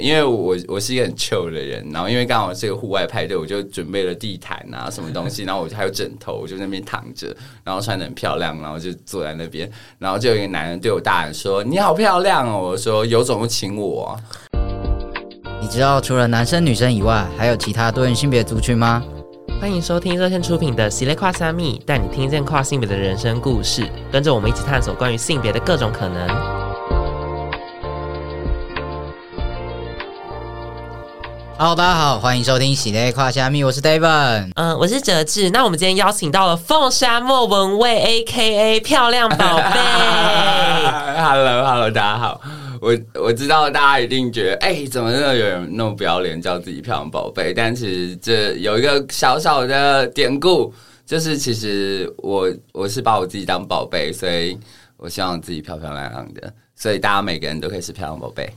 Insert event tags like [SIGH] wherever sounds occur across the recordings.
因為我我是一個很 chill 的人，然後因為剛好是一個戶外派對，我就準備了地毯啊，什麼東西，然後我就還有枕頭，我就在那邊躺着，然後穿得很漂亮，然後就坐在那邊，然後就有一個男人對我大喊說：“你好漂亮哦！”我說：“有種不親我。”你知道除了男生女生以外，還有其他多元性別族群嗎？歡迎收聽熱線出品的《系列跨三密》，帶你聽見跨性別的人生故事，跟着我們一起探索關於性別的各種可能。Hello，大家好，歡迎收聽喜內跨蝦米。我是 David，嗯，uh, 我是哲志。那我們今天邀請到了鳳沙莫文蔚，A K A 漂亮寶貝。Hello，Hello， [LAUGHS] hello, 大家好，我我知道大家一定覺得，哎、欸，怎麼那麼有人那麼不要臉叫自己漂亮寶貝？但其實這有一個小小的典故，就是其實我我是把我自己當寶貝，所以我希望自己漂漂亮亮的，所以大家每個人都可以是漂亮寶貝。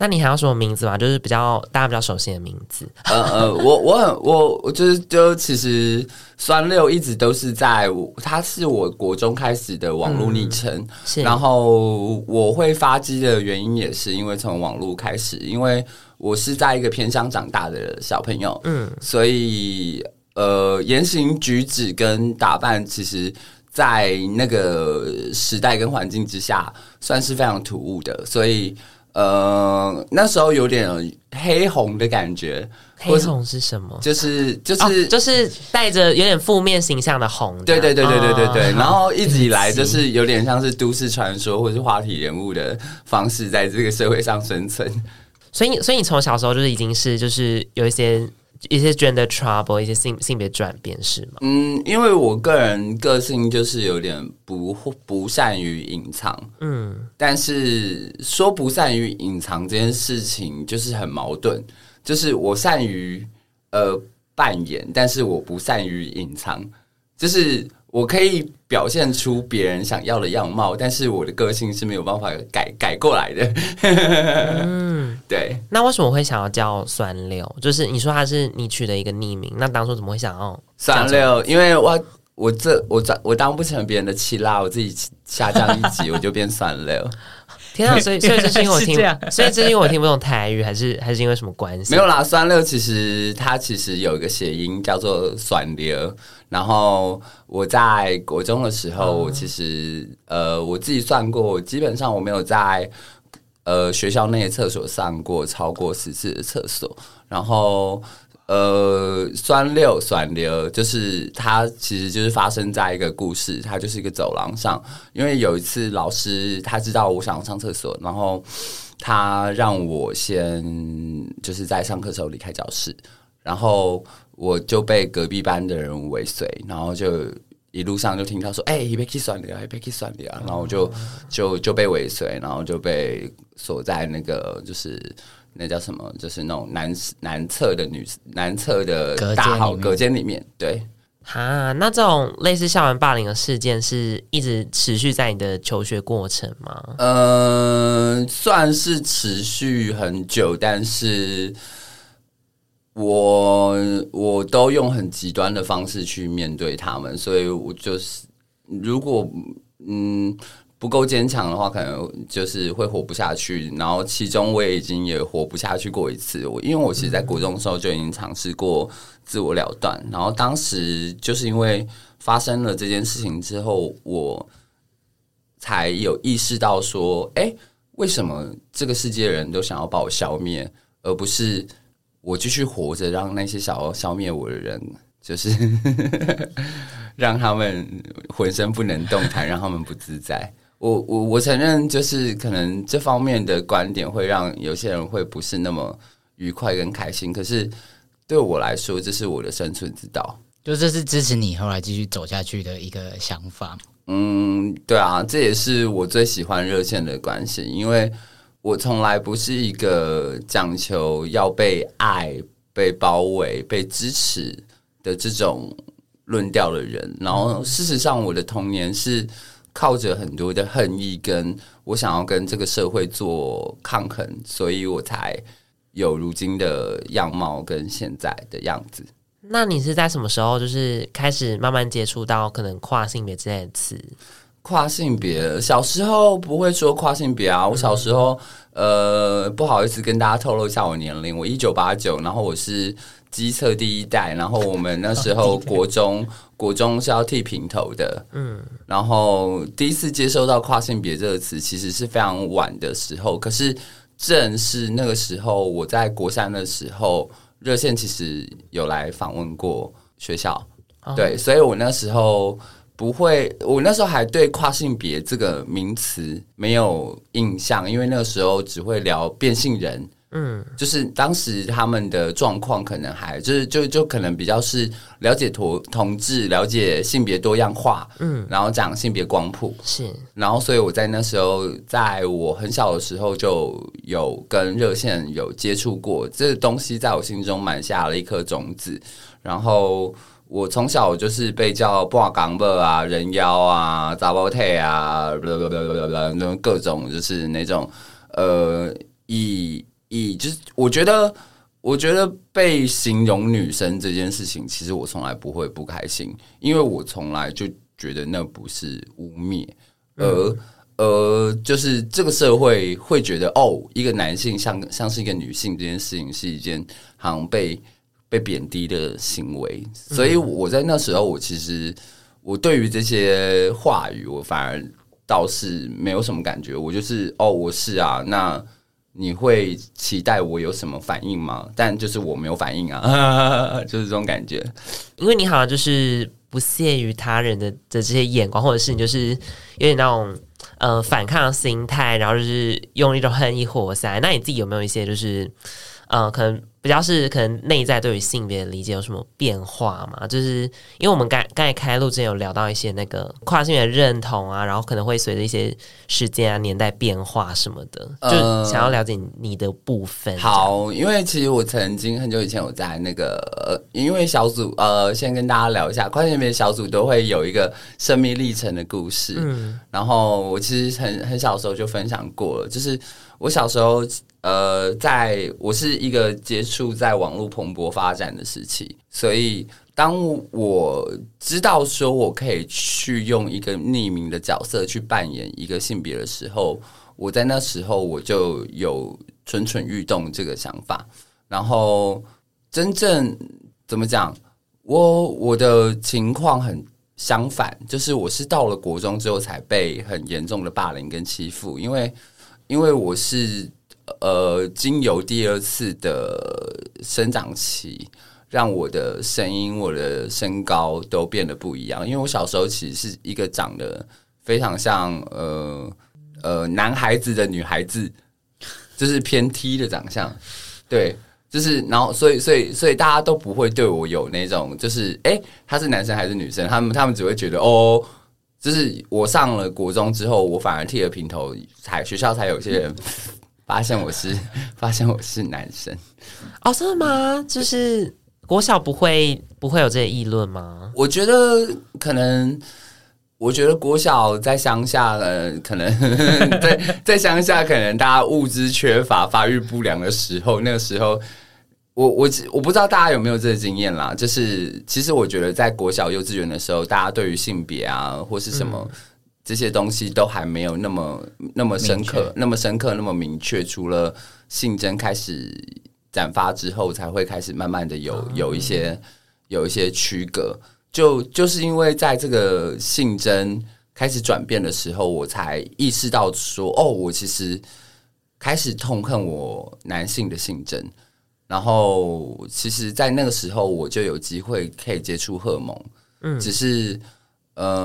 那你還有什麼名字嗎？就是比較大家比較熟悉的名字。呃呃、嗯嗯，我我很我我就是就其實酸六一直都是在，它是我國中開始的網絡昵稱。嗯、是然後我會發跡的原因也是因為從網絡開始，因為我是在一個偏鄉長大的小朋友，嗯，所以呃言行舉止跟打扮，其實，在那個時代跟環境之下，算是非常突兀的，所以。呃，那時候有點黑紅的感覺，黑紅是什麼？就是就是、啊、就是帶着有點負面形象的紅，對對對對對對對。哦、然後一直以來就是有點像是都市傳說或是話題人物的方式，在這個社會上生存。所以，所以你從小時候就是已經是就是有一些。一些 gender trouble，一些性性別轉變是嗎？嗯，因為我個人個性就是有點不不善於隱藏，嗯，但是說不善於隱藏這件事情就是很矛盾，就是我善於呃扮演，但是我不善於隱藏，就是。我可以表現出別人想要的樣貌，但是我的個性是沒有辦法改改過來的。 [LAUGHS] 嗯，對。那為什麼我會想要叫酸六？就是你說他是你取的一個匿名，那當初怎麼會想要酸六？因為我我這我這我當不成別人的七啦，我自己下降一級，我就變酸六。 [LAUGHS] 天啊，所以所以是因為我聽，這所以是因為我聽不懂台語，還是還是因為什麼關係？沒有啦，酸六其實它其實有一個諧音叫做“酸溜”。然後我在國中的時候，我其實呃我自己算過，我基本上我沒有在呃學校那內廁所上過超過十次的廁所，然後。呃，酸六酸六，就是它其實就是發生在一個故事，它就是一個走廊上。因為有一次老師他知道我想要上廁所，然後他讓我先就是在上課時候離開教室，然後我就被隔壁班的人尾隨，然後就一路上就聽到說：“哎、欸，別去酸六，別去酸六，然後我就就就被尾隨，然後就被鎖在那個就是。那叫什麼？就是那種男男廁的女男廁的大號隔間裡面，對，哈、啊。那這種類似校園霸凌的事件是一直持續在你的求學過程嗎？嗯、呃，算是持續很久，但是我我都用很極端的方式去面對他們，所以我就是如果嗯。不夠堅強的話，可能就是會活不下去。然後其中我也已經也活不下去過一次。我因為我其實，在國中的時候就已經嘗試過自我了斷。然後當時就是因為發生了這件事情之後，我才有意識到說，哎、欸，為什麼這個世界的人都想要把我消滅，而不是我繼續活着，讓那些想要消滅我的人，就是 [LAUGHS] 讓他們渾身不能動彈，讓他們不自在。我我我承認，就是可能這方面的觀點會讓有些人會不是那麼愉快跟開心。可是對我來說，這是我的生存之道，就這是支持你後來繼續走下去的一個想法。嗯，對啊，這也是我最喜歡熱線的關係，因為我從來不是一個講求要被愛、被包圍、被支持的這種論調的人。然後，事實上，我的童年是。靠着很多的恨意，跟我想要跟這個社會做抗衡，所以我才有如今的樣貌跟現在的樣子。那你是在什麼時候，就是開始慢慢接觸到可能跨性別之類的詞？跨性別，小時候不會說跨性別啊，我小時候、嗯、呃不好意思，跟大家透露一下我年齡，我一九八九，然後我是。基測第一代，然後我們那時候國中， [LAUGHS] 國中是要剃平頭的。嗯，然後第一次接收到跨性別這個詞，其實是非常晚的時候。可是正是那個時候，我在國三的時候，熱線其實有來訪問過學校。嗯、對，所以我那時候不會，我那時候還對跨性別這個名詞沒有印象，因為那個時候只會聊變性人。嗯，就是當時他們的狀況可能還就是就就可能比較是了解同同志，了解性別多樣化，嗯，然後講性別光譜是，然後所以我在那時候在我很小的時候就有跟熱線有接觸過，這個東西在我心中埋下了一顆種子。然後我從小就是被叫不港樂啊，人妖啊，查某體啊，不不不不不不，各種就是那種呃以。以就是，我覺得，我覺得被形容女生這件事情，其實我從來不會不開心，因為我從來就覺得那不是污蔑，而呃,呃，就是這個社會會覺得，哦，一個男性像像是一個女性這件事情，是一件好像被被貶低的行為，所以我在那時候，我其實我對於這些話語，我反而倒是沒有什麼感覺，我就是，哦，我是啊，那。你會期待我有什麼反應嗎？但就是我沒有反應啊，哈哈哈哈，就是這種感覺。因為你好像就是不屑於他人的的這些眼光，或者是你就是有點那種呃反抗心態，然後就是用一種恨意活塞。那你自己有沒有一些就是呃可能？比較是可能內在對於性別的理解有什麼變化嘛？就是因為我們剛剛才開錄之前有聊到一些那個跨性別認同啊，然後可能會隨着一些時間啊、年代變化什麼的，就想要了解你的部分、呃。好，因為其實我曾經很久以前我在那個、呃、因為小組呃，先跟大家聊一下跨性別小組都會有一個生命歷程的故事。嗯，然後我其實很很小的時候就分享過了，就是。我小時候，呃，在我是一個接觸在網絡蓬勃發展的時期，所以當我知道說我可以去用一個匿名的角色去扮演一個性別的時候，我在那時候我就有蠢蠢欲動這個想法。然後，真正怎麼講，我我的情況很相反，就是我是到了國中之後才被很嚴重的霸凌跟欺負，因為。因為我是呃，經由第二次的生長期，讓我的聲音、我的身高都變得不一樣。因為我小時候其實是一個長得非常像呃呃男孩子的女孩子，就是偏 T 的長相，對，就是然後，所以，所以，所以大家都不會對我有那種，就是誒，他是男生還是女生？他們他們只會覺得哦。就是我上了國中之後，我反而剃了平頭，才學校才有些人發現我是發現我是男生。哦，真的嗎？就是國小不會不會有這些議論嗎？我覺得可能，我覺得國小在鄉下，呢，可能 [LAUGHS] 在在鄉下，可能大家物資缺乏，發育不良的時候，那個時候。我我我不知道大家有沒有這個經驗啦，就是其實我覺得在國小幼稚園的時候，大家對於性別啊或是什麼、嗯、這些東西都還沒有那麼那麼、明確、那麼深刻，那麼深刻那麼明確，除了性徵開始展發之後，才會開始慢慢的有有一些、嗯、有一些區隔。就就是因為在這個性徵開始轉變的時候，我才意識到說，哦，我其實開始痛恨我男性的性徵。然後，其實，在那個時候，我就有機會可以接觸荷爾蒙。嗯，只是，嗯、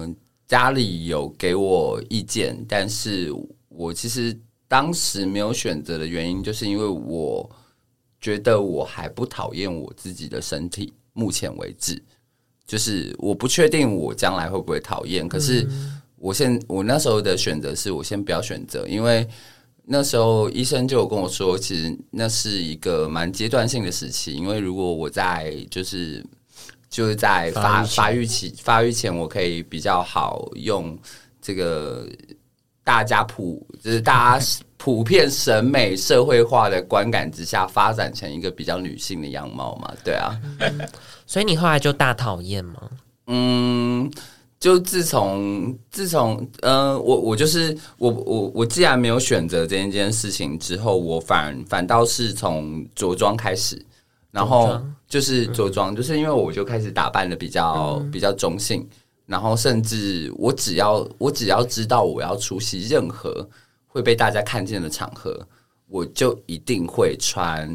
呃，家裡有給我意見，但是我其實當時沒有選擇的原因，就是因為我覺得我還不討厭我自己的身體，目前為止，就是我不確定我將來會不會討厭。可是我，我現我那時候的選擇是我先不要選擇，因為。那時候醫生就有跟我說，其實那是一個蠻階段性的時期，因為如果我在就是就是在發發育期發育前，育前我可以比較好用這個大家普就是大家普遍審美社會化的觀感之下，發展成一個比較女性的樣貌嘛。對啊。嗯，所以你後來就大討厭嗎？嗯。就自從自從，嗯、呃，我我就是我我我，我我既然沒有選擇這一件事情之後，我反反倒是從着裝開始，然後就是着裝，就是因為我就開始打扮的比較、嗯、比較中性，然後甚至我只要我只要知道我要出席任何會被大家看見的場合，我就一定會穿，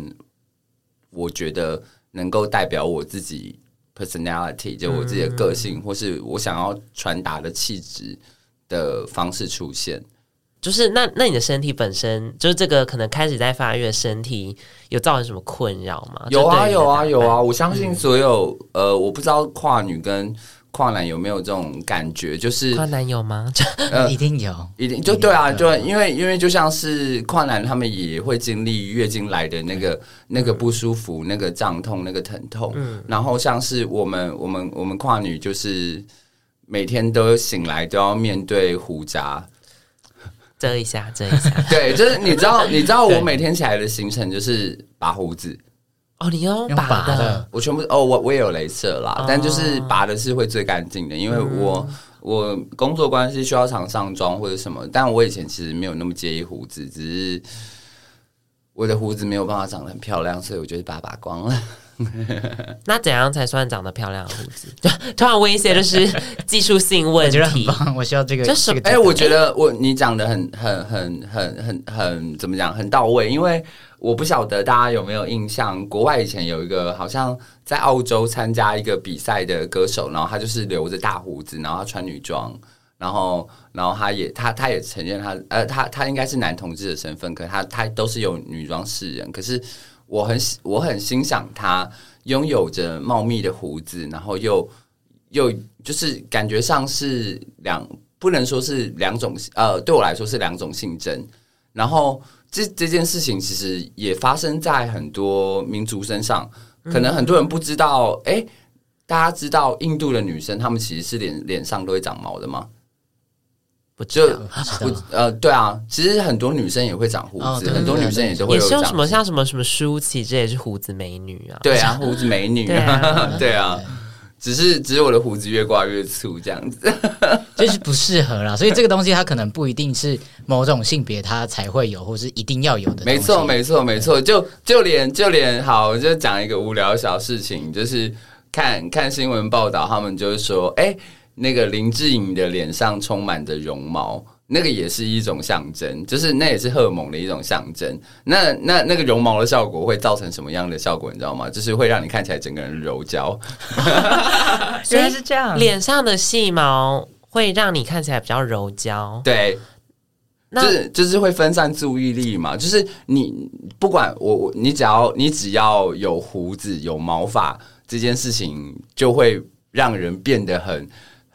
我覺得能夠代表我自己。Personality 就我自己的個性，嗯、或是我想要傳達的氣質的方式出現，就是那那你的身體本身，就是這個可能開始在發育的身體，有造成什麼困擾嗎？有啊有啊有啊！我相信所有、嗯、呃，我不知道跨女跟。跨男有沒有這種感覺？就是跨男有嗎？就呃、一定有，一定就對啊，就因為因為就像是跨男，他們也會經歷月經來的那個對那個不舒服、嗯、那個脹痛、那個疼痛。嗯、然後像是我們我們我們跨女，就是每天都醒來都要面對鬍渣，遮一下遮一下。 [LAUGHS] 對，就是你知道 [LAUGHS] 對你知道我每天起來的行程就是拔鬍子。哦，你要拔的，拔的我全部哦，我我也有雷射啦，啊、但就是拔的是會最乾淨的，因為我、嗯、我工作關係需要常上妝或者什麼，但我以前其實沒有那麼介意鬍子，只是我的鬍子沒有辦法長得很漂亮，所以我就拔拔光了。 [LAUGHS] 那怎樣才算長得漂亮的鬍子？ [LAUGHS] 突然問一些就是技術性問題， [LAUGHS] 我覺得很棒。我需要這個哎、欸，我覺得我你講的很很很很很很怎麼講，很到位。因為我不曉得大家有沒有印象，國外以前有一個好像在澳洲參加一個比賽的歌手，然後他就是留着大鬍子，然後他穿女裝，然後然後他也他他也承認他呃，他他應該是男同志的身份，可他他都是有女裝示人，可是。我很我很欣賞他擁有着茂密的鬍子，然後又又就是感覺上是兩不能說是兩種呃，對我來說是兩種性徵。然後，這這件事情其實也發生在很多民族身上，嗯、可能很多人不知道。哎、欸，大家知道印度的女生她們其實是臉臉上都會長毛的嗎？就胡呃，對啊，其實很多女生也會長鬍子，哦、對對對很多女生也是會有長鬍子。對對對什麼像什麼什麼舒淇，這也是胡子美女啊。對啊，胡子美女啊，對啊。只是只有我的鬍子越刮越粗，這樣子就是不適合啦。 [LAUGHS] 所以這個東西它可能不一定是某種性別它才會有，或是一定要有的沒。沒錯，沒錯，沒錯。就就連就連好，我就講一個無聊小事情，就是看看新聞報道，他們就是說，哎、欸。那個林志穎的臉上充滿着絨毛，那個也是一種象徵，就是那也是荷爾蒙的一種象徵。那那那個絨毛的效果會造成什麼樣的效果？你知道嗎？就是會讓你看起來整個人柔焦。原來 [LAUGHS] [LAUGHS] 以是這樣，臉上的細毛會讓你看起來比較柔焦。對，那、就是、就是會分散注意力嘛。就是你不管我，我你只要你只要有鬍子有毛髮，這件事情就會讓人變得很，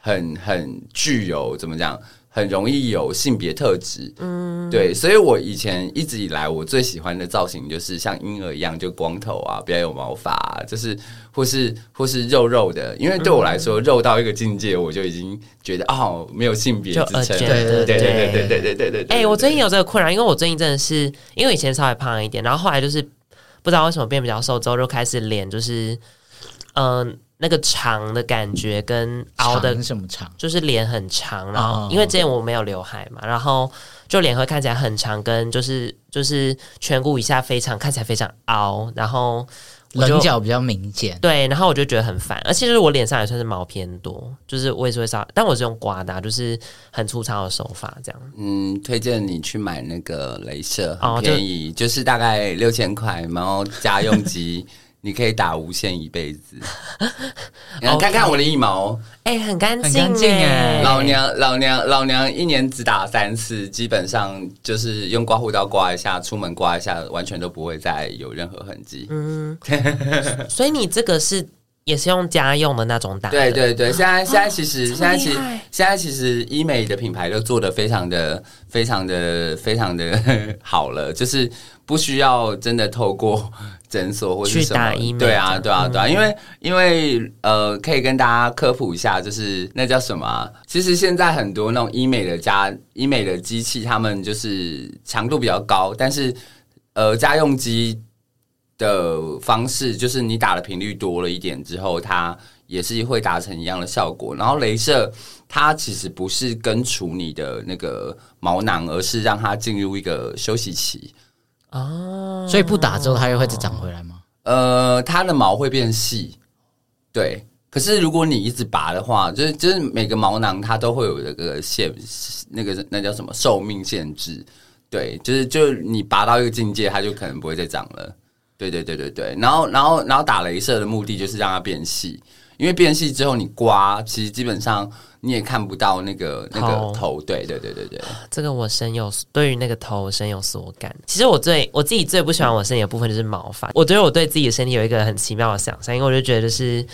很很具有怎麼講，很容易有性別特質。嗯，對，所以我以前一直以來我最喜歡的造型就是像嬰兒一樣，就光頭啊，比較有毛髮、啊，就是或是或是肉肉的。因為對我來說，嗯、肉到一個境界，我就已經覺得哦，沒有性別之稱。就呃，對對對對對對對對，對。哎，欸，我最近有這個困擾，因為我最近真的是因為以前稍微胖了一點，然後後來就是不知道為什麼變比較瘦，之後就開始臉就是嗯。呃那個長的感覺跟凹的什麼長，就是臉很長，然後因為之前我沒有劉海嘛，然後就臉會看起來很長，跟就是就是顴骨以下非常看起來非常凹，然後稜角比較明顯。對，然後我就覺得很煩，而且就是我臉上也算是毛偏多，就是我也是會掃，但我是用刮的啊，就是很粗糙的手法這樣。嗯，推薦你去買那個鐳射，很便宜哦，可以，就是大概六千塊，然後家用機。 [LAUGHS] 你可以打無限一輩子，你 [LAUGHS] Okay 看看我的腋毛，哎、欸，很乾淨，哎，老娘老娘老娘一年只打三次，基本上就是用刮鬍刀刮一下，出門刮一下，完全都不會再有任何痕跡。嗯， [LAUGHS] 所以你這個是也是用家用的那種打，對對對。現在現在其實現在其現在其實醫美的品牌都做得非常的非常的非常的呵呵好了，就是。不需要真的透過診所或是什麼，對啊，對啊，對啊，啊、因為因為呃，可以跟大家科普一下，就是那叫什麼、啊？其實現在很多那種醫美的家醫美的機器，他們就是強度比較高，但是呃，家用機的方式，就是你打的頻率多了一點之後，它也是會達成一樣的效果。然後雷射，它其實不是根除你的那個毛囊，而是讓它進入一個休息期。哦，所以不打之後它又會再長回來嗎？呃，它的毛會變細，對。可是如果你一直拔的話，就是就是每個毛囊它都會有一個限，那個那叫什麼壽命限制？對，就是就你拔到一個境界，它就可能不會再長了。對對對對對。然後然後然後打雷射的目的就是讓它變細，因為變細之後你刮，其實基本上。你也看不到那個頭那個頭，對對對對對。這個我深有對於那個頭我深有所感。其實我最我自己最不喜歡我身體的部分就是毛髮。我覺得我對自己的身體有一個很奇妙的想象，因為我就覺得、就是，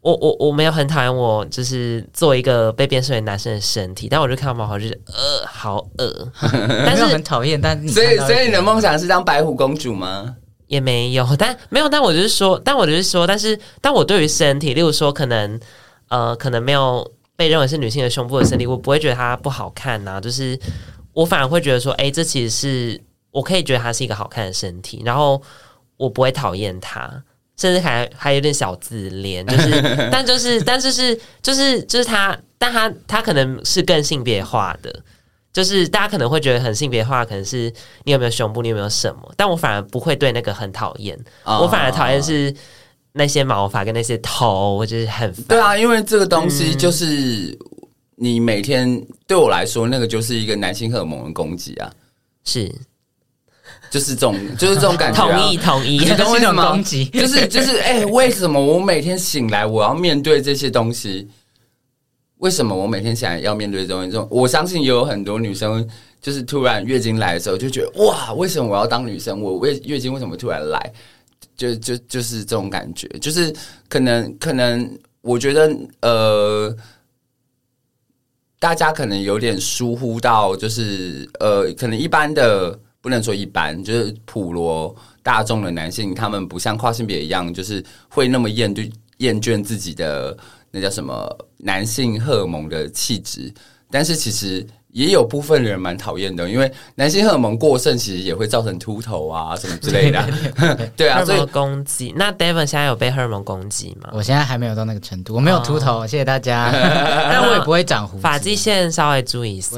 我我我沒有很討厭我就是做一個被變身為男生的身體，但我就看到毛毛就是呃好惡、呃， [LAUGHS] 但是很討厭。但 [LAUGHS] 所以所以你的夢想是當白虎公主嗎？也沒有，但沒有，但我就是說，但我就是說，但是但我對於身體，例如說可能呃可能沒有。被認為是女性的胸部的身體，我不會覺得它不好看吶、啊。就是我反而會覺得說，誒、欸，這其實是我可以覺得它是一個好看的身體。然後我不會討厭它，甚至還還有點小自戀。就是，但就是，但就是，就是就是它，但它它可能是更性別化的。就是大家可能會覺得很性別化，可能是你有沒有胸部，你有沒有什麼？但我反而不會對那個很討厭，我反而討厭是。哦那些毛髮跟那些頭，我就是很煩。對啊，因為這個東西就是你每天、嗯、對我來說，那個就是一個男性荷爾蒙的攻擊啊。是，就是這種，就是這種感覺、啊。同意同意，是一種攻嗎？就是就是，哎、欸，為什麼我每天醒來我要面對這些東西？ [LAUGHS] 為什麼我每天醒來要面對這些？東西？我相信也有很多女生，就是突然月經來的時候，就覺得哇，為什麼我要當女生？我為月經為什麼突然來？就就就是這種感覺，就是可能可能，我覺得呃，大家可能有點疏忽到，就是呃，可能一般的不能說一般，就是普羅大眾的男性，他們不像跨性別一樣，就是會那麼厭就厭倦自己的那叫什麼男性荷爾蒙的氣質，但是其實。也有部分人蠻討厭的，因為男性荷爾蒙過剩其實也會造成禿頭啊什麼之類的。對，對，對。 [LAUGHS] 對啊，所以攻擊。那 Devon 現在有被荷爾蒙攻擊嗎？我現在還沒有到那個程度，我沒有禿頭，哦、謝謝大家。 [LAUGHS] 但我也不會長鬍子，髮際線稍微注意一下。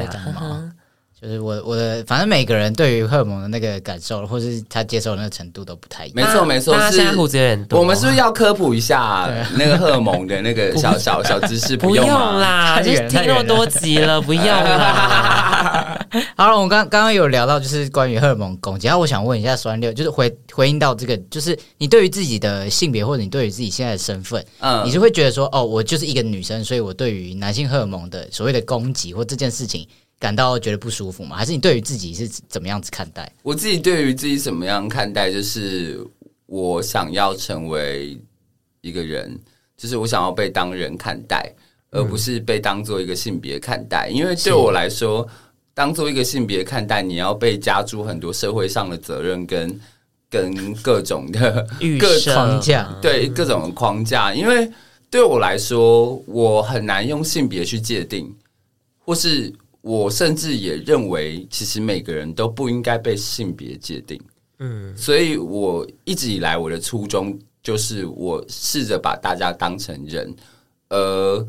就是我的我的，反正每個人對於荷爾蒙的那個感受，或是他接受的那個程度都不太一樣。那沒錯沒錯，但是我們是不是要科普一下、啊啊、那個荷爾蒙的那個小小不小知識？不用不啦，就聽那麼多集了，了不用啦。 [LAUGHS] 好了，我們剛剛剛有聊到，就是關於荷爾蒙攻擊。然後我想問一下酸六，就是回回應到這個，就是你對於自己的性別，或者你對於自己現在的身份，嗯，你就會覺得說，哦，我就是一個女生，所以我對於男性荷爾蒙的所謂的攻擊或這件事情。感到覺得不舒服嗎？還是你對於自己是怎麼樣子看待？我自己對於自己怎麼樣看待？就是我想要成為一個人，就是我想要被當人看待，而不是被當做一個性別看待。因為對我來說，當做一個性別看待，你要被加諸很多社會上的責任跟跟各種的各框架，對各種的框架。因為對我來說，我很難用性別去界定，或是。我甚至也認為，其實每個人都不應該被性別界定。嗯、所以我一直以來我的初衷就是，我試着把大家當成人。呃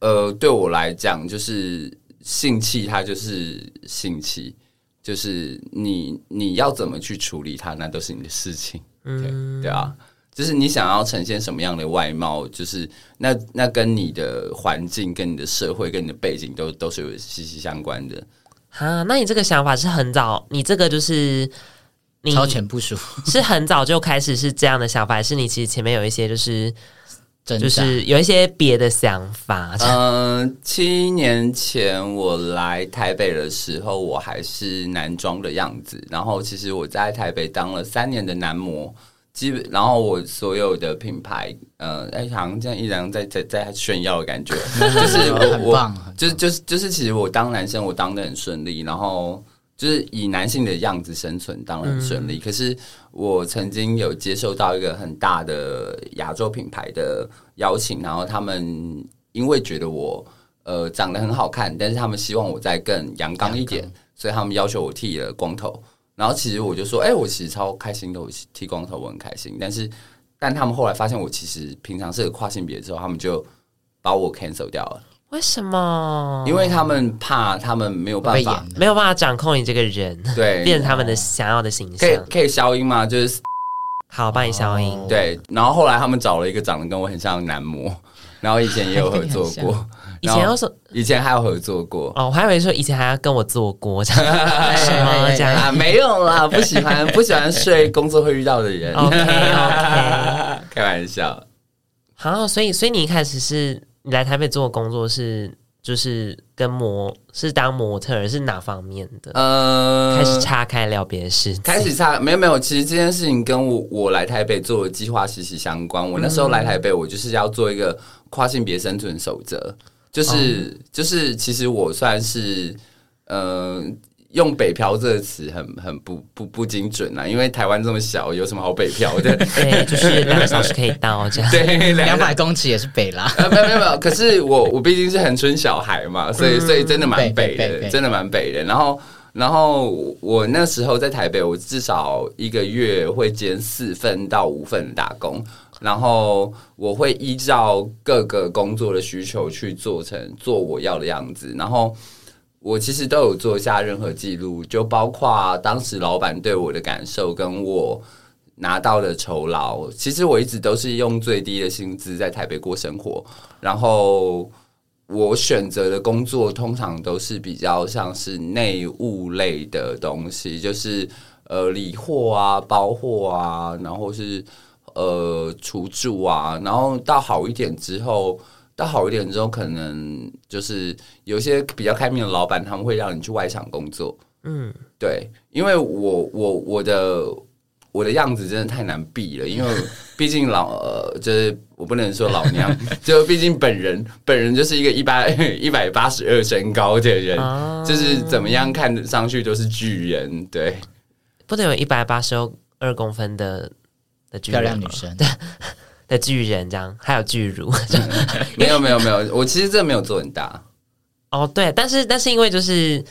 呃，對我來講，就是性器，它就是性器，就是你你要怎麼去處理它，那都是你的事情。嗯、對吧、啊？就是你想要呈現什麼樣的外貌，就是那那跟你的環境、跟你的社會、跟你的背景都都是有息息相關的。哈、啊，那你這個想法是很早，你這個就是超前部署，是很早就開始是這樣的想法，還是你其實前面有一些就是真的，就是有一些別的想法？嗯、呃，七年前我來台北的時候，我還是男裝的樣子，然後其實我在台北當了三年的男模。基本，然後我所有的品牌，呃，哎，好像這樣依然在在在炫耀的感覺， [LAUGHS] 就是我，很棒就是就是就是，就是就是，其實我當男生，我當得很順利，然後就是以男性的樣子生存，當然很順利。嗯、可是我曾經有接受到一個很大的亞洲品牌的邀請，然後他們因為覺得我呃長得很好看，但是他們希望我再更陽剛一點，光所以他們要求我剃了光頭。然後其實我就說，哎、欸，我其實超開心的，我剃光頭我很開心。但是，但他們後來發現我其實平常是個跨性別之後，他們就把我 cancel 掉了。為什麼？因為他們怕他們沒有辦法，沒有辦法掌控你這個人，對，變成他們的想要的形象。嗯、可以可以消音嗎？就是好，幫你消音。Oh. 對。然後後來他們找了一個長得跟我很像的男模，然後以前也有合作過。以前我說，以前還有合作過哦，我還以為說以前還要跟我做鍋這樣，什麼這樣啊沒有啦，不喜歡 [LAUGHS] 不喜歡睡工作會遇到的人。Okay, okay 開玩笑，好，所以所以你一開始是你來台北做工作是就是跟模是當模特兒，是哪方面的？呃、嗯，開始岔開聊別的事，開始岔沒有沒有，其實這件事情跟我我來台北做的計劃息息相關。我那時候來台北，我就是要做一個跨性別生存守則。就是就是，oh. 就是其實我算是，嗯、呃、用“北漂”這個詞很很不不不精準啦、啊，因為台灣這麼小，有什麼好北漂的？ [LAUGHS] 對，就是兩個小時是可以到這樣，對，兩百公尺也是北啦 [LAUGHS] 啊。沒有，沒有沒有，可是我我畢竟是恆春小孩嘛，所以所以真的蠻北的，北北北北真的蠻北的。然後然後我那時候在台北，我至少一個月會兼四份到五份打工。然後我會依照各個工作的需求去做成做我要的樣子，然後我其實都有做下任何記錄，就包括當時老闆對我的感受，跟我拿到的酬勞。其實我一直都是用最低的薪資在台北過生活。然後我選擇的工作通常都是比較像是內務類的東西，就是呃理貨啊、包貨啊，然後是。呃，廚助啊，然後到好一點之後，到好一點之後，可能就是有些比較開明的老板，他們會讓你去外場工作。嗯，對，因為我我我的我的樣子真的太難避了，因為畢竟老 [LAUGHS] 呃，就是我不能說老娘， [LAUGHS] 就畢竟本人本人就是一個一百一百八十二身高的人，嗯、就是怎麼樣看上去都是巨人，對，不得有一百八十二公分的。的、喔、漂亮女生 [LAUGHS] 的巨人，這樣還有巨乳， [LAUGHS] [LAUGHS] 沒有沒有沒有，我其實這沒有做很大哦。Oh, 對，但是但是因為就是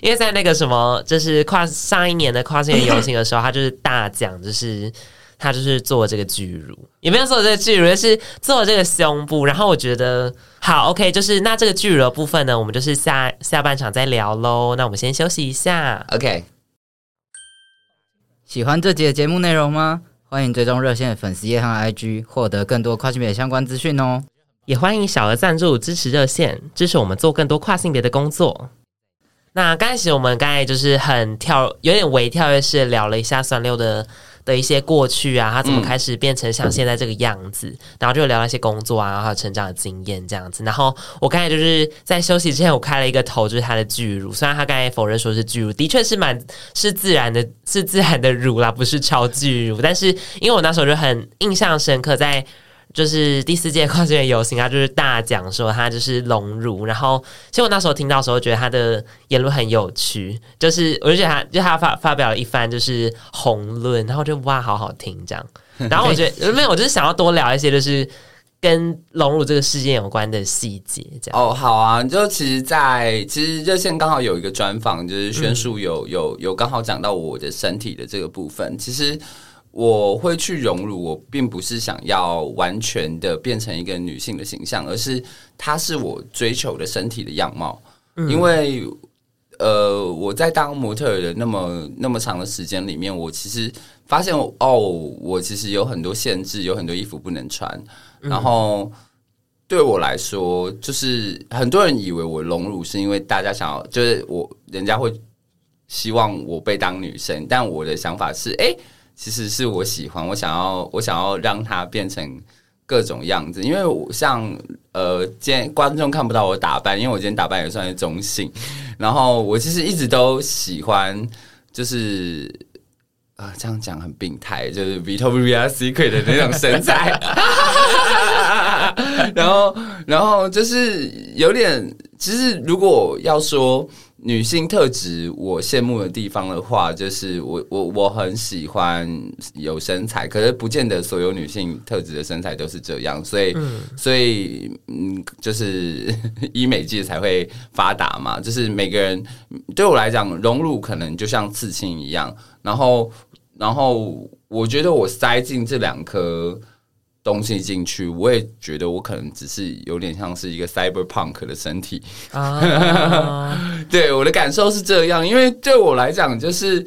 因為在那個什麼，就是跨上一年的跨年遊行的時候， [LAUGHS] 他就是大獎，就是他就是做這個巨乳，也沒有做這個巨乳，就是做這個胸部。然後我覺得好，OK，就是那這個巨乳的部分呢，我們就是下下半場再聊嘍。那我們先休息一下，OK。喜歡這集的節目內容嗎？歡迎追蹤熱線粉絲頁和 IG，獲得更多跨性別的相關資訊哦。也歡迎小額贊助支持熱線，支持我們做更多跨性別的工作。那剛開始我們剛才就是很跳，有點微跳躍式聊了一下酸六的。的一些過去啊，他怎麼開始變成像現在這個樣子？嗯，然後就聊了一些工作啊，還有成長的經驗這樣子。然後我剛才就是在休息之前，我開了一個頭，就是他的巨乳。雖然他剛才否認說是巨乳，的確是蠻是自然的，是自然的乳啦，不是超巨乳。但是因為我那時候就很印象深刻，在。就是第四屆跨性別遊行啊，他就是大講說他就是隆乳，然後其實我那時候聽到的時候覺得他的言論很有趣，就是我就覺得他就他發發表了一番就是宏論，然後我就哇好好聽這樣，然後我覺得因為 [LAUGHS] 我就是想要多聊一些，就是跟隆乳這個事件有關的細節這樣。哦，oh, 好啊，就其實在，在其實熱線剛好有一個專訪，就是宣樹有、嗯、有有剛好講到我的身體的這個部分，其實。我會去隆乳，我並不是想要完全的變成一個女性的形象，而是她是我追求的身體的樣貌。嗯、因為呃，我在當模特的那麼那麼長的時間裡面，我其實發現哦，我其實有很多限制，有很多衣服不能穿。然後、嗯、對我來說，就是很多人以為我隆乳是因為大家想要，就是我人家會希望我被當女生，但我的想法是，哎、欸。其實是我喜歡，我想要，我想要讓它變成各種樣子，因為我像呃，今天觀眾看不到我打扮，因為我今天打扮也算是中性。然後我其實一直都喜歡，就是啊，這樣講很病態，就是 Victoria's Secret 的那種身材、 [LAUGHS] [LAUGHS] 啊。然後，然後就是有點，其實如果要說。女性特質我羨慕的地方的話，就是我我我很喜歡有身材，可是不見得所有女性特質的身材都是這樣，所以、嗯、所以嗯，就是 [LAUGHS] 醫美界才會發達嘛，就是每個人對我來講，隆乳可能就像刺青一樣，然後然後我覺得我塞進這兩顆。東西進去，我也覺得我可能只是有點像是一個 cyberpunk 的身體、啊、 [LAUGHS] 對，我的感受是這樣，因為對我來講，就是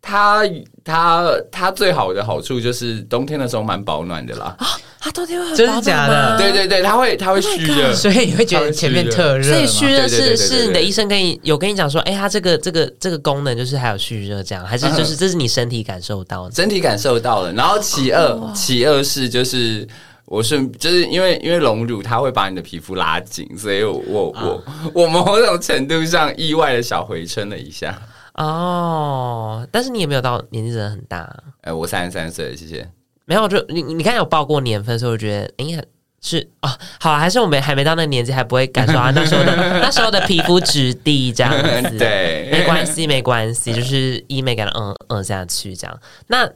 它它它最好的好處就是冬天的時候蠻保暖的啦。啊他、啊、到底會的真的假的？對對對，他會他會虛熱，oh、God，所以你會覺得前面特熱。所以虛熱是是你的醫生跟你有跟你講說，哎、欸，他這個這個這個功能就是還有虛熱這樣，還是就是這是你身體感受到的，的、嗯。身體感受到了。然後其二、哦、其二是就是我是就是因為因為隆乳，它會把你的皮膚拉緊，所以我我、啊、我某種程度上意外的小回春了一下哦。但是你也沒有到年紀真的很大，哎、欸，我三十三歲，謝謝。沒有，就你你看有報過年份，所以我覺得應該、欸、是啊、哦，好還是我們還沒到那個年紀，還不會感受啊，那時候的 [LAUGHS] 那時候的皮膚質地這樣子， [LAUGHS] 對，沒關係，沒關係沒關係， [LAUGHS] 就是醫美給它嗯嗯下去這樣。那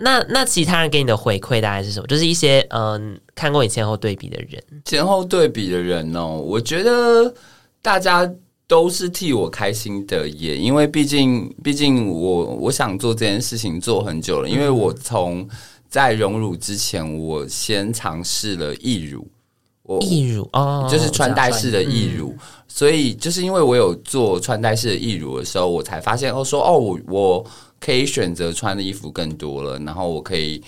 那那其他人給你的回饋大概是什麼？就是一些嗯看過你前後對比的人，前後對比的人哦，我覺得大家。都是替我開心的耶，因為畢竟，畢竟我我想做這件事情做很久了，嗯、因為我從在隆乳之前，我先嘗試了義乳，我義乳哦，就是穿戴式的義乳，嗯、所以就是因為我有做穿戴式的義乳的時候，我才發現哦，說哦我我可以選擇穿的衣服更多了，然後我可以，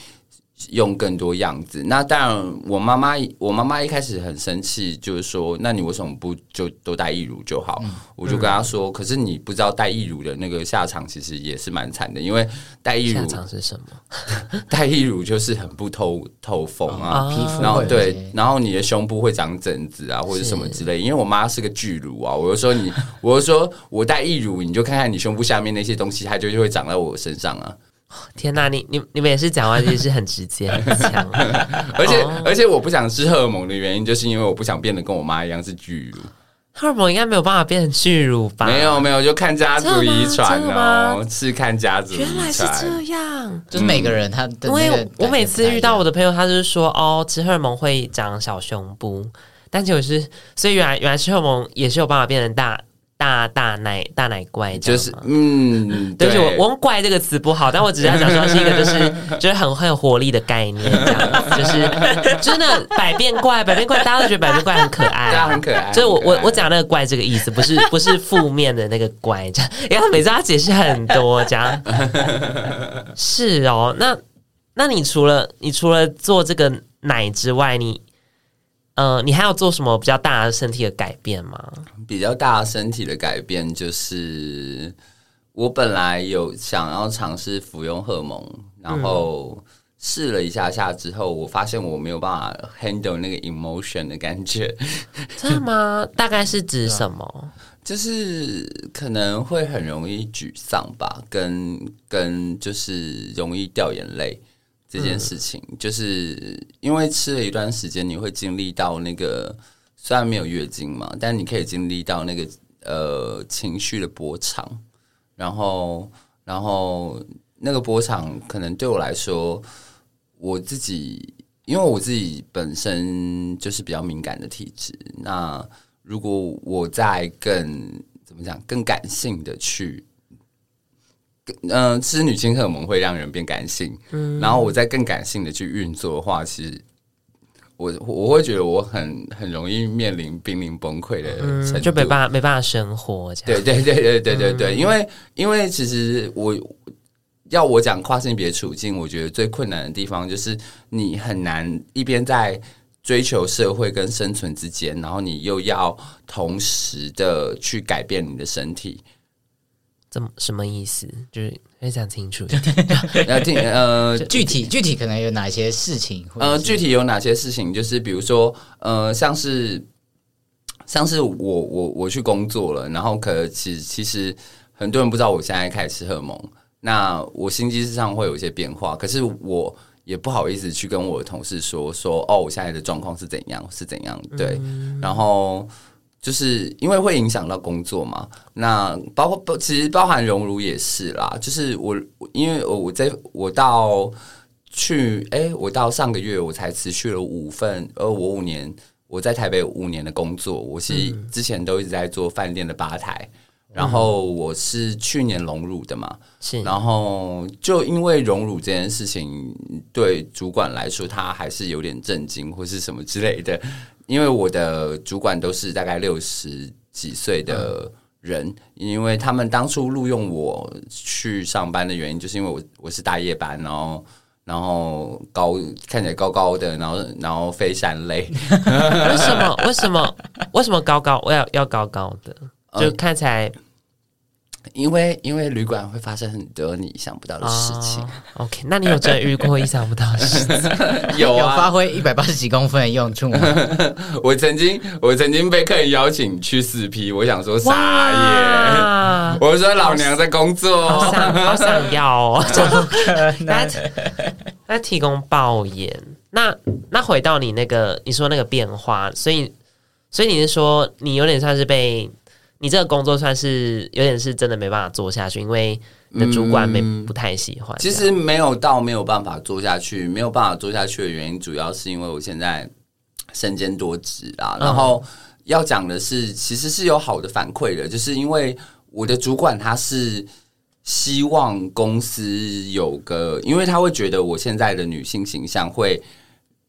用更多樣子，那當然我媽媽，我媽媽，我媽媽一開始很生氣，就是說，那你為什麼不就都戴義乳就好？嗯、我就跟她說，嗯、可是你不知道戴義乳的那個下場，其實也是蠻慘的，因為戴義乳下場是什麼？戴義乳就是很不透 [LAUGHS] 透風啊，oh, 然後對，然後你的胸部會長疹子啊，或者什麼之類。是因為我媽是個巨乳啊，我就說你，我就說我戴義乳，你就看看你胸部下面那些東西，它就會長在我身上啊。天哪，你你你們也是講話其實是很直接， [LAUGHS] 很強而且、哦、而且我不想吃荷爾蒙的原因，就是因為我不想變得跟我媽一樣是巨乳。荷爾蒙應該沒有辦法變成巨乳吧？沒有沒有，就看家族遺傳哦，是看家族遺傳。原來是這樣，嗯、就是每個人他都，因為我，我每次遇到我的朋友，他都是說哦，吃荷爾蒙會長小胸部，但是我是，所以原來原來吃荷爾蒙也是有辦法變成大。大大奶大奶怪這樣，就是嗯，但是我我用“怪”這個詞不好，但我只是要講說是一個、就是，就是就是很很有活力的概念，這樣子就是真的、就是、百變怪，百變怪大家都覺得百變怪很可愛、啊對，很可愛。就是我我我講那個“怪”這個意思，不是不是負面的那個“怪”這樣。因為每次他解釋很多這樣，是哦。那那你除了你除了做這個奶之外，你？嗯、呃，你還有做什麼比較大的身體的改變嗎？比較大的身體的改變就是，我本來有想要嘗試服用荷爾蒙，然後試了一下下之後，嗯、我發現我沒有辦法 handle 那個 emotion 的感覺。真的嗎？ [LAUGHS] 大概是指什麼、啊？就是可能會很容易沮喪吧，跟跟就是容易掉眼淚。這件事情，嗯、就是因為吃了一段時間，你會經歷到那個，雖然沒有月經嘛，但你可以經歷到那個呃情緒的波長，然後，然後那個波長可能對我來說，我自己因為我自己本身就是比較敏感的體質，那如果我再更怎麼講更感性的去。嗯，其、呃、女性荷爾蒙會讓人變感性，嗯，然後我再更感性的去運作的話，其實我我會覺得我很很容易面臨瀕臨崩潰的、嗯，就沒辦法沒辦法生活。對對對對對對對，嗯、因為因為其實我要我講跨性別處境，我覺得最困難的地方就是你很難一邊在追求社會跟生存之間，然後你又要同時的去改變你的身體。怎麼，什麼意思？就是非常清楚一點 [LAUGHS] 就呃就具體呃具體可能有哪些事情？呃，具體有哪些事情？就是比如說呃，像是像是我我我去工作了，然後可能其實其實很多人不知道我現在開始荷爾蒙，那我心機上會有一些變化，可是我也不好意思去跟我的同事說說哦，我現在的狀況是怎樣是怎樣？對，嗯、然後。就是因為會影響到工作嘛，那包括包其實包含隆乳也是啦。就是我因為我在我到去哎、欸，我到上個月我才持續了五份，呃，我五年我在台北五年的工作，我是之前都一直在做飯店的吧台，嗯、然後我是去年隆乳的嘛，是然後就因為隆乳這件事情，對主管來說他還是有點震驚或是什麼之類的。因為我的主管都是大概六十幾歲的人，嗯、因為他們當初錄用我去上班的原因，就是因為我我是大夜班，然後然後高看起來高高的，然後然後非常累。為什麼？ [LAUGHS] 為什麼為什麼高高我要要高高的，就看起來。嗯因為因為旅館會發生很多你想不到的事情。Oh, OK，那你有在遇過意想不到的事情？ [LAUGHS] 有啊，有發揮一百八十幾公分的用處。 [LAUGHS] 我曾經，我曾經被客人邀請去 4P，我想說傻眼。哇我說老娘在工作，好想，好想要，哦。 [LAUGHS] okay, [LAUGHS] 那那，那提供爆言。那那回到你那個，你說那個變化，所以所以你是說你有點像是被。你這個工作算是有點是真的沒辦法做下去，因為你的主管沒不太喜歡，嗯。其實沒有到沒有辦法做下去，沒有辦法做下去的原因，主要是因為我現在身兼多職啊。嗯，然後要講的是，其實是有好的反饋的，就是因為我的主管他是希望公司有個，因為他會覺得我現在的女性形象會，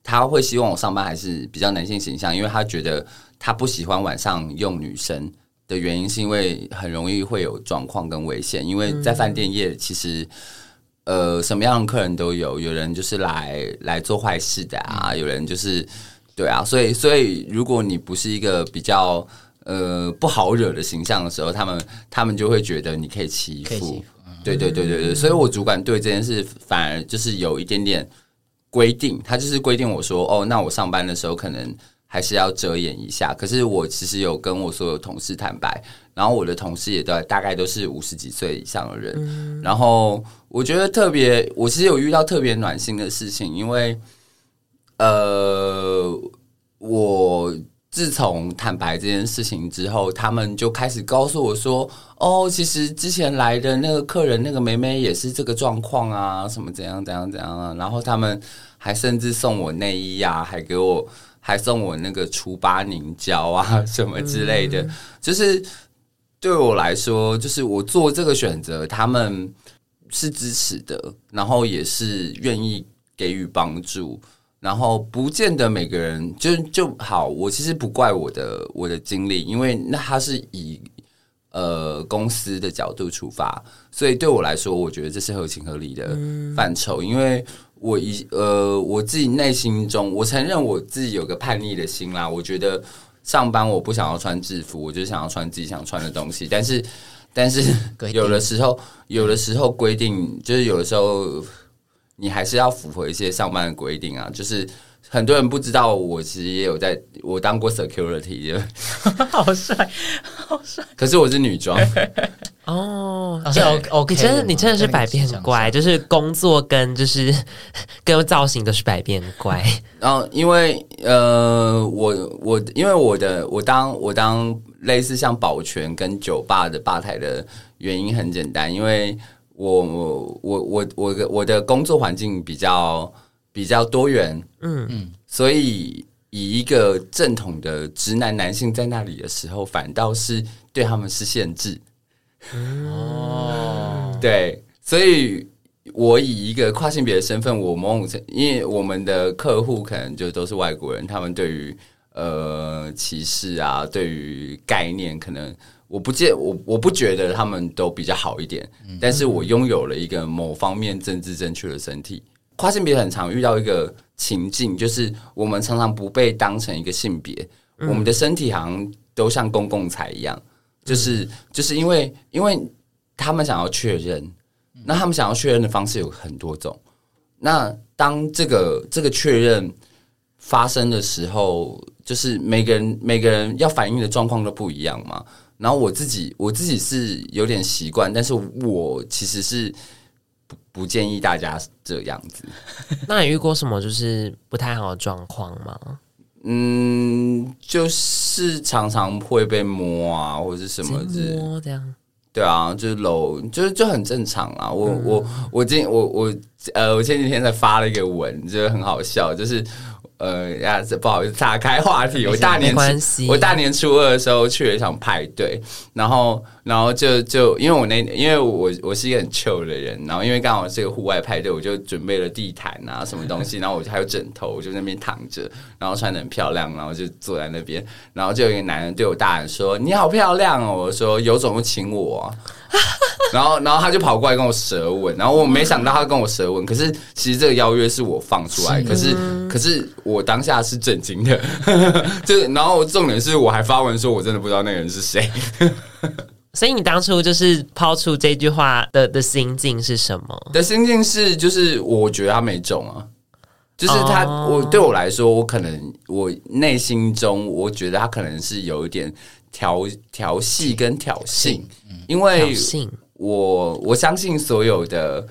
他會希望我上班還是比較男性形象，因為他覺得他不喜歡晚上用女生，的原因是因為很容易會有狀況跟危險，因為在飯店業其實，呃，什麼樣的客人都有，有人就是來來做壞事的啊，有人就是對啊，所以所以如果你不是一個比較呃不好惹的形象的時候，他們他們就會覺得你可以欺負，對對對對對對，所以我主管對這件事反而就是有一點點規定，他就是規定我說哦，那我上班的時候可能。還是要遮掩一下。可是我其實有跟我所有同事坦白，然後我的同事也都大概都是五十幾歲以上的人。嗯、然後我覺得特別，我其實有遇到特別暖心的事情，因為呃，我自從坦白這件事情之後，他們就開始告訴我說：“哦，其實之前來的那個客人，那個妹妹也是這個狀況啊，什麼怎樣怎樣怎樣啊。”然後他們還甚至送我內衣啊，還給我。還送我那個除疤凝膠啊，什麼之類的，就是對我來說，就是我做這個選擇，他們是支持的，然後也是願意給予幫助，然後不見得每個人就就好。我其實不怪我的我的經理，因為那他是以呃公司的角度出發，所以對我來說，我覺得這是合情合理的範疇，因為。我一呃，我自己內心中，我承認我自己有個叛逆的心啦。我覺得上班我不想要穿制服，我就想要穿自己想穿的東西。但是，但是有的時候，規定。有的時候規定就是有的時候你還是要符合一些上班的規定啊。就是很多人不知道，我其實也有在我當過 security 的，好帥，好帥。可是我是女裝。 [LAUGHS] 哦，就 O K，你真的你真的是百變很乖，就是工作跟就是跟造型都是百變很乖。然後，哦，因為呃，我我因為我的我當我當類似像保全跟酒吧的吧台的原因很簡單，因為我我我我我我的工作環境比較比較多元，嗯嗯，所以以一個正統的直男男性在那裡的時候，反倒是對他們是限制。哦，oh. 對，所以我以一個跨性別的身份，我某種程度因為我們的客戶可能就都是外國人，他們對於呃歧視啊，對於概念，可能我不見我我不覺得他們都比較好一點。Mm hmm. 但是我擁有了一個某方面政治正確的身體，跨性別很常遇到一個情境，就是我們常常不被當成一個性別，mm hmm. 我們的身體好像都像公共財一樣。就是就是因為因為他們想要確認，那他們想要確認的方式有很多種。那當這個這個確認發生的時候，就是每個人每個人要反應的狀況都不一樣嘛。然後我自己我自己是有點習慣，但是我其實是不不建議大家這樣子。那你遇過什麼就是不太好的狀況嗎？嗯，就是常常會被摸啊，或者是什麼之類這、這樣，對啊，就是摟，就是就很正常啦、啊。我、嗯、我我今天我我呃，我前幾天才發了一個文，就是很好笑，就是。呃，亞子，不好意思，岔開話題。我大年，啊、我大年初二的時候去了一場派對，然後，然後就就因為我那，因為我我是一個很 chill 的人，然後因為剛好是個戶外派對，我就準備了地毯啊，什麼東西，然後我就還有枕頭，我就那邊躺着，然後穿得很漂亮，然後就坐在那邊，然後就有一個男人對我大喊說：“你好漂亮哦！”我說：“有種就親我啊。” [LAUGHS] 然後，然後他就跑過來跟我舌吻，然後我沒想到他跟我舌吻，嗯、可是其實這個邀約是我放出來的，是嗎可是，可是。我當下是震驚的 [LAUGHS] [LAUGHS] 就、就然後重點是我還發文說，我真的不知道那個人是誰。所以你當初就是拋出這句話的的心境是什麼？的心境是就是我覺得他沒種啊，就是他、oh. 我對我來說，我可能我內心中我覺得他可能是有一點調調戲跟挑釁，嗯、因為我我相信所有的。嗯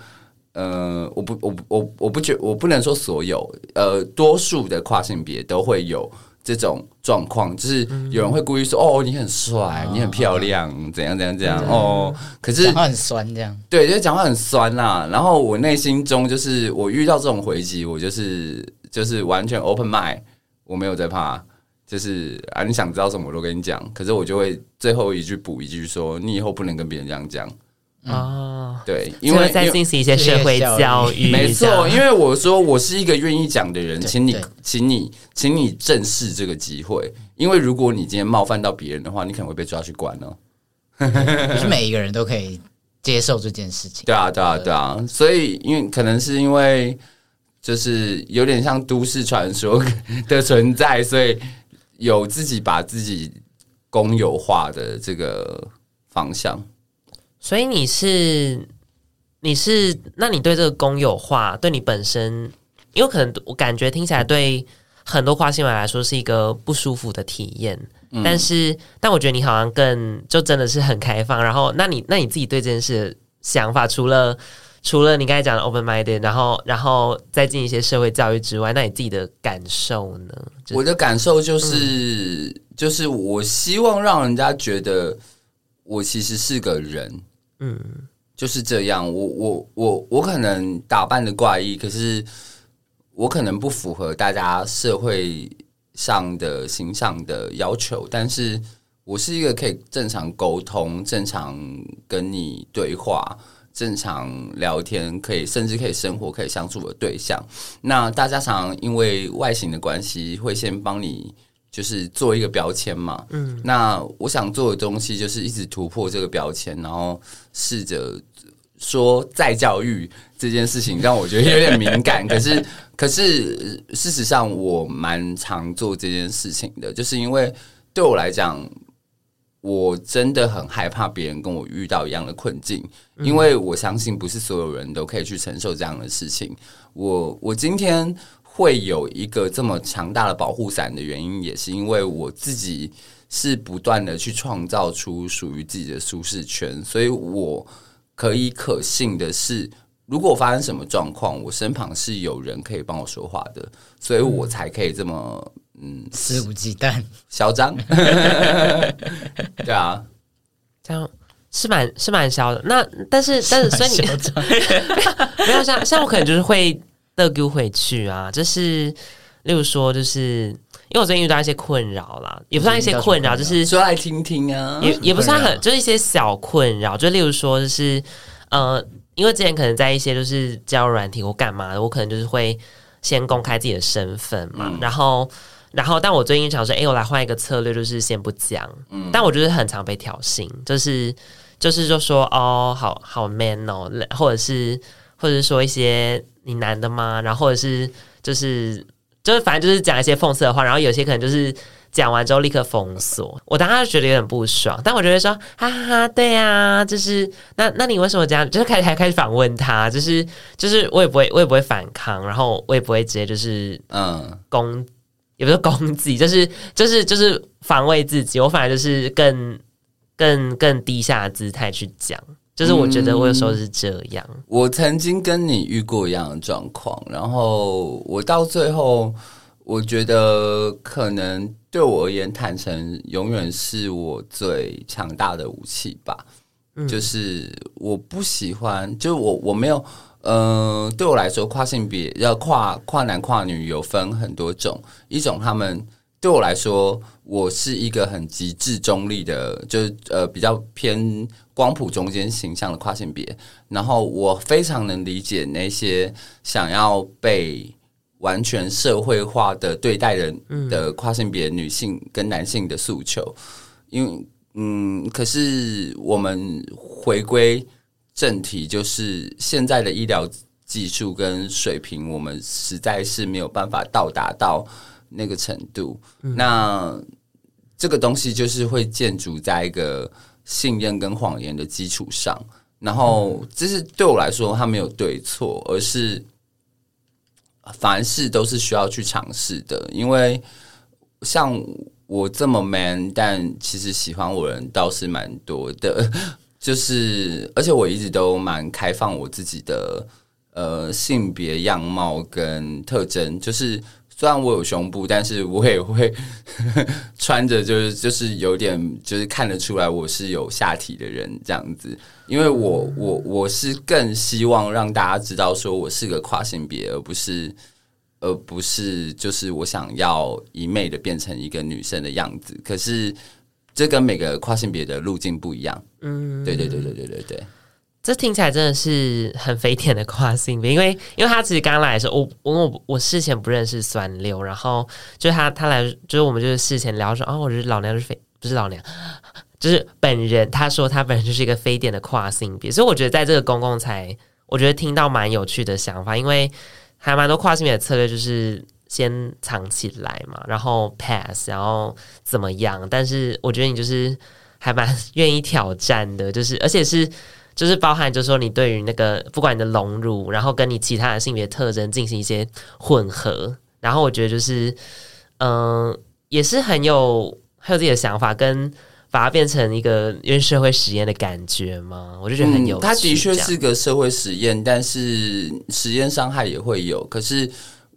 呃，我不，我我我不覺，我不能說所有，呃，多數的跨性別都會有這種狀況，就是有人會故意說，嗯、哦，你很帥，哇你很漂亮，啊、怎樣怎樣怎樣的哦。可是講話很酸，這樣對，就是講話很酸啦、啊。然後我內心中就是，我遇到這種回擊，我就是就是完全 open mind，我沒有在怕，就是啊，你想知道什麼，我都跟你講。可是我就會最後一句補一句說，你以後不能跟別人這樣講、嗯、啊。對，因為在進行一些社會教育，沒錯。因為我說我是一個願意講的人， [LAUGHS] 請你，請你，請你正視這個機會。因為如果你今天冒犯到別人的話，你可能會被抓去關呢、喔。嗯、 [LAUGHS] 不是每一個人都可以接受這件事情。對啊，對啊，對啊，對啊。所以，因為可能是因為就是有點像都市傳說的存在，所以有自己把自己公有化的這個方向。所以你是，你是，那你對這個公有化，對你本身，因為可能我感覺聽起來對很多跨性別來說是一個不舒服的體驗，嗯、但是，但我覺得你好像更就真的是很開放。然後，那你那你自己對這件事的想法，除了除了你剛才講的 open minded，然後然後再進一些社會教育之外，那你自己的感受呢？我的感受就是，嗯、就是我希望讓人家覺得我其實是個人。嗯，就是這樣。我我我我可能打扮的怪異，可是我可能不符合大家社會上的形象的要求。但是我是一個可以正常溝通、正常跟你對話、正常聊天，可以甚至可以生活、可以相處的對象。那大家常常因為外形的關係，會先幫你。就是做一個標籤嘛，嗯，那我想做的東西就是一直突破這個標籤，然後試着說，再教育這件事情讓我覺得有點敏感， [LAUGHS] 可是可是、呃、事實上我蠻常做這件事情的，就是因為對我來講，我真的很害怕別人跟我遇到一樣的困境，嗯、因為我相信不是所有人都可以去承受這樣的事情。我我今天。會有一個這麼強大的保護傘的原因，也是因為我自己是不斷的去創造出屬於自己的舒適圈，所以我可以可信的是，如果發生什麼狀況，我身旁是有人可以幫我說話的，所以我才可以這麼嗯肆無忌憚、囂張。 [LAUGHS] 對啊，這樣是蠻是蠻囂的。那但是但是，但是是所以你不要 [LAUGHS] 像、像我，可能就是會。勒勾回去啊，就是例如說，就是因為我最近遇到一些困擾啦，也不算一些困擾，就是說來聽聽啊，也也不算很，就是一些小困擾，就例如說，就是呃，因為之前可能在一些就是交軟體或幹嘛的，我可能就是會先公開自己的身份嘛，嗯、然後，然後，但我最近常說，哎、欸，我來換一個策略，就是先不講，嗯、但我就是很常被挑釁，就是，就是就說哦，好好 man 哦，或者是，或者是說一些。你男的嗎？然後或者是就是就是反正就是講一些諷刺的話，然後有些可能就是講完之後立刻封鎖。我當時覺得有點不爽，但我覺得說哈哈哈，對呀、啊，就是那那你為什麼這樣？就是開始還開始反問他，就是就是我也不會，我也不會反抗，然後我也不會直接就是嗯攻，uh. 也不是攻擊，就是就是就是防衛自己。我反而就是更更更低下的姿態去講。就是我覺得，我有時候是這樣、嗯。我曾經跟你遇過一樣的狀況，然後我到最後，我覺得可能對我而言，坦誠永遠是我最強大的武器吧。嗯、就是我不喜歡，就我我沒有，嗯、呃，對我來說，跨性別要跨跨男跨女有分很多種，一種他們。對我來說，我是一個很極致中立的，就是呃比較偏光譜中間形象的跨性別。然後我非常能理解那些想要被完全社會化的對待人的跨性別女性跟男性的訴求。嗯、因為，嗯，可是我們回歸正題，就是現在的醫療技術跟水平，我們實在是沒有辦法到達到。那個程度，那這個東西就是會建築在一個信任跟謊言的基礎上，然後這是對我來說，它沒有對錯，而是凡事都是需要去嘗試的。因為像我這麼 man，但其實喜歡我人倒是蠻多的，就是而且我一直都蠻開放我自己的呃性別樣貌跟特徵，就是。雖然我有胸部，但是我也會呵呵穿着，就是就是有點，就是看得出來我是有下體的人這樣子。因為我我我是更希望讓大家知道說我是個跨性別，而不是而不是就是我想要一昧的變成一個女生的樣子。可是這跟每個跨性別的路徑不一樣。嗯，嗯，嗯，對對對對對對對。這聽起來真的是很非典的跨性別，因為因為他其實剛來的時候，我我我我事前不認識酸六，然後就他他來就是我們就是事前聊說啊，我覺得老娘就是非不是老娘，就是本人他說他本人就是一個非典的跨性別，所以我覺得在這個公共財我覺得聽到蠻有趣的想法，因為還蠻多跨性別的策略就是先藏起來嘛，然後 pass，然後怎麼樣？但是我覺得你就是還蠻願意挑戰的，就是而且是。就是包含，就是說你對於那個不管你的隆乳，然後跟你其他的性別特徵進行一些混合，然後我覺得就是，嗯、呃，也是很有很有自己的想法，跟反而變成一個因為社會實驗的感覺嘛，我就覺得很有趣，嗯。它的確是個社會實驗，但是實驗傷害也會有。可是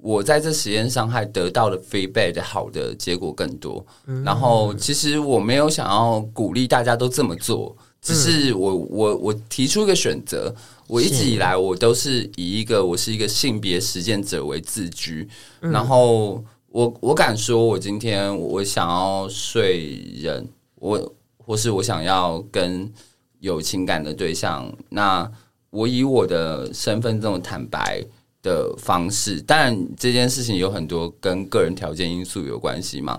我在這實驗傷害得到了 feedback 的好的結果更多。然後其實我沒有想要鼓勵大家都這麼做。只是我、嗯、我我提出一個選擇，我一直以來我都是以一個我是一個性別實踐者為自居，嗯、然後我我敢說，我今天我想要睡人，我或是我想要跟有情感的對象，那我以我的身份這種坦白的方式，當然這件事情有很多跟個人條件因素有關係嘛。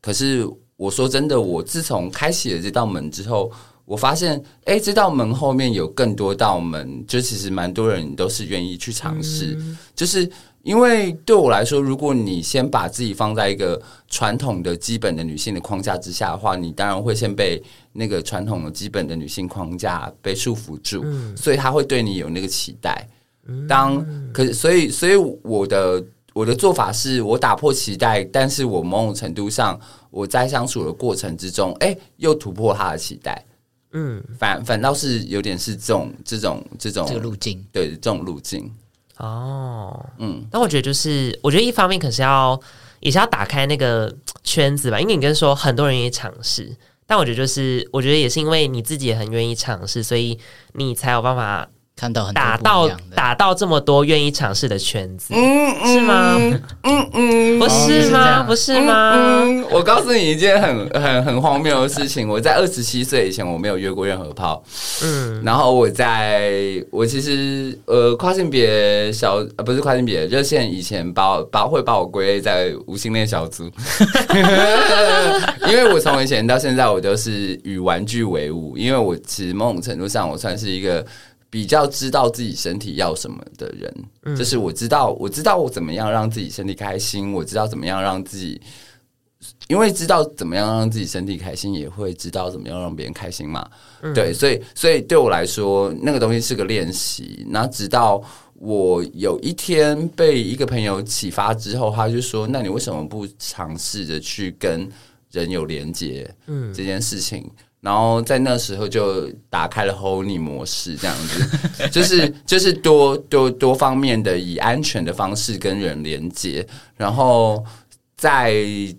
可是我說真的，我自從開啟了這道門之後。我發現，哎、欸，這道門後面有更多道門，就其實蠻多人都是願意去嘗試。嗯、就是因為對我來說，如果你先把自己放在一個傳統的、基本的女性的框架之下的話，你當然會先被那個傳統的、基本的女性框架被束縛住，嗯、所以他會對你有那個期待。當可，所以，所以我的我的做法是我打破期待，但是我某種程度上，我在相處的過程之中，哎、欸，又突破他的期待。嗯，反反倒是有點是這種這種這種這個路徑，對這種路徑哦，嗯。那我覺得就是，我覺得一方面可是要也是要打開那個圈子吧，因為你跟我說很多人願意嘗試，但我覺得就是，我覺得也是因為你自己也很願意嘗試，所以你才有辦法。看到很多打到打到這麼多願意嘗試的圈子，嗯，嗯嗯嗯是嗎？嗯嗯，嗯不是嗎？哦、是不是嗎？嗯嗯、我告訴你一件很很很荒謬的事情。 [LAUGHS] 我在二十七歲以前，我沒有約過任何炮，嗯。然後我在我其實呃，跨性別小、啊、不是跨性別熱線以前把我把會把我歸在無性戀小組， [LAUGHS] [LAUGHS] [LAUGHS] 因為我從以前到現在，我就是與玩具為伍，因為我其實某種程度上，我算是一個。比較知道自己身體要什麼的人，就是我知道，我知道我怎麼樣讓自己身體開心，我知道怎麼樣讓自己，因為知道怎麼樣讓自己身體開心，也會知道怎麼樣讓別人開心嘛。對，所以，所以對我來說，那個東西是個練習。那直到我有一天被一個朋友啟發之後，他就說：“那你為什麼不嘗試着去跟人有連接？”這件事情。然後在那時候就打開了 Honey 模式，這樣子，就是就是多多多方面的以安全的方式跟人連接。然後在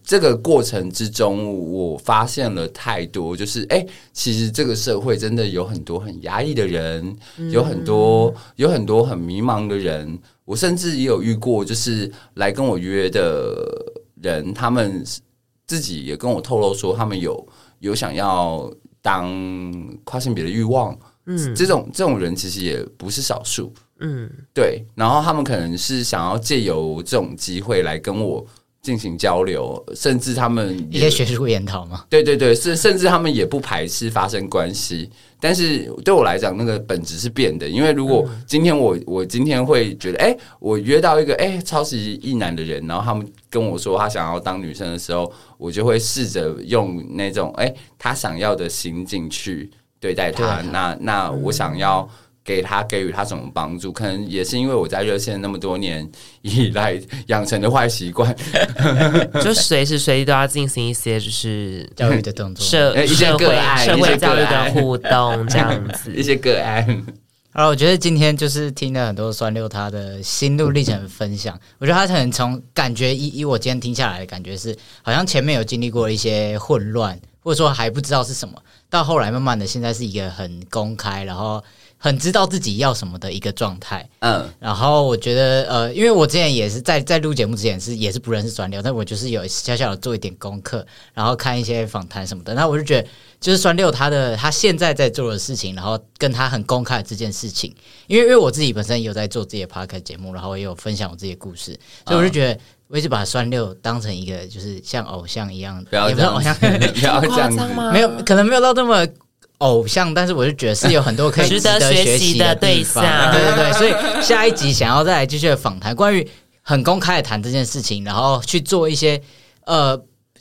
這個過程之中，我發現了太多，就是哎，其實這個社會真的有很多很壓抑的人，有很多有很多很迷茫的人。我甚至也有遇過，就是來跟我約的人，他們自己也跟我透露說，他們有。有想要當跨性別的欲望。嗯，這種這種人其實也不是少數，嗯，對，然後他們可能是想要借由這種機會來跟我。進行交流，甚至他們也學習過研討嗎？對對對，甚甚至他們也不排斥發生關係，但是對我來講，那個本質是變的。因為如果今天我、嗯、我今天會覺得，哎、欸，我約到一個哎、欸、超級異男的人，然後他們跟我說他想要當女生的時候，我就會試着用那種哎、欸、他想要的行徑去對待他。嗯、那那我想要。給他給予他什麼幫助？可能也是因為我在熱線那麼多年以來養成的壞習慣， [LAUGHS] 就隨時隨地都要進行一些就是教育的動作，社一些個案、社會、社會教育的互動這樣子， [LAUGHS] 一些個案。然後我覺得今天就是聽了很多酸六，他的心路歷程分享， [LAUGHS] 我覺得他很從感覺以，以以我今天聽下來的感覺是，好像前面有經歷過一些混亂，或者說還不知道是什麼，到後來慢慢的現在是一個很公開，然後。很知道自己要什麼的一個狀態，嗯，然後我覺得，呃，因為我之前也是在在錄節目之前是也是不認識酸六，但我就是有小小的做一點功課，然後看一些訪談什麼的，那我就覺得，就是酸六他的他現在在做的事情，然後跟他很公開的這件事情，因為因為我自己本身有在做自己的 podcast 節目，然後也有分享我自己的故事，嗯、所以我就覺得我一直把酸六當成一個就是像偶像一樣，不沒有像偶像很、嗯、 [LAUGHS] 誇張嗎 [LAUGHS] 沒有，可能沒有到這麼。偶像，但是我就覺得是有很多可以值得學習的對象，對對對，所以下一集想要再來繼續的訪談，關於很公開的談這件事情，然後去做一些呃，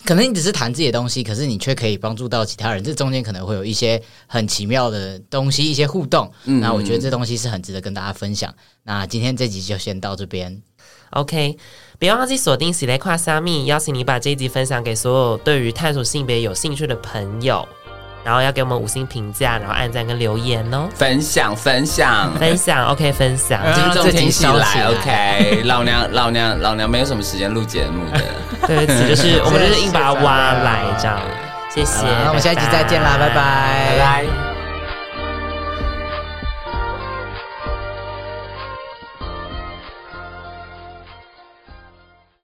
可能你只是談自己的東西，可是你卻可以幫助到其他人，這中間可能會有一些很奇妙的東西，一些互動，那、嗯嗯、我覺得這東西是很值得跟大家分享。那今天這集就先到這邊，OK，別忘記鎖定時來《性別跨三米》，邀請你把這一集分享給所有對於探索性別有興趣的朋友。然後要給我們五星評價，然後按讚跟留言哦，分享分享 [LAUGHS] 分享，OK，分享，熱情起來 [LAUGHS] ，OK， [LAUGHS] 老娘老娘老娘沒有什麼時間錄節目的， [LAUGHS] 對不起，就是我們就是硬把它挖來，這樣、 [LAUGHS] 嗯，謝謝，那、嗯、拜我們下一集再見啦，拜拜，拜，拜。